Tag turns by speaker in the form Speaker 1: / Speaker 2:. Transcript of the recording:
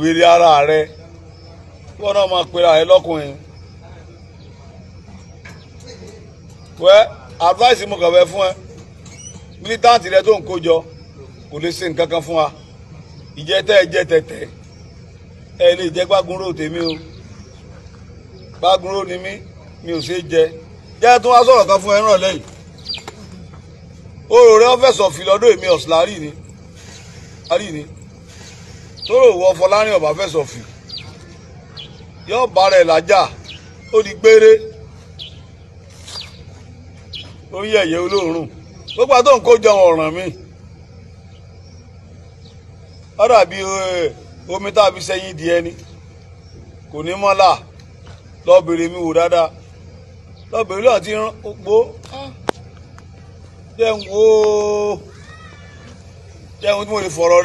Speaker 1: wèrè ara rẹ wọn náà máa pera rẹ lọ́kùnrin wẹ́ advice mo kàn fẹ́ fún ẹ mílítàǹtì rẹ tó ń kó jọ kò lè ṣe nǹkan kan fún wa ìjẹ́tẹ́ ẹ̀jẹ̀ tẹ̀tẹ̀ ẹ lè jẹ́ gbágunró tèmi o gbágunró ni mí mi ò ṣe jẹ jẹ́ tó wá sọ̀rọ̀ kan fún ẹ ràn lẹ́yìn oòrùn rẹ ọ́fẹ̀sọ̀ fìlọ́dọ̀ èmi ọ̀sùn láàrin ni tóró wọ Fọlárìn ọba fẹsọ fì yọ bàrẹ làjà ó di gbére ó ń yẹyẹ olóòórùn gbogbo àtọ nǹkan jọ ọ̀ràn mi ó dàbí omi tá a fi sẹ́yìn di ẹni kò ní mọ́là lọ́bìnrin mi wò dáadáa lọ́bìnrin náà ti rán gbó jẹun wo jẹun tí mo lè fọ̀rọ̀ rẹ.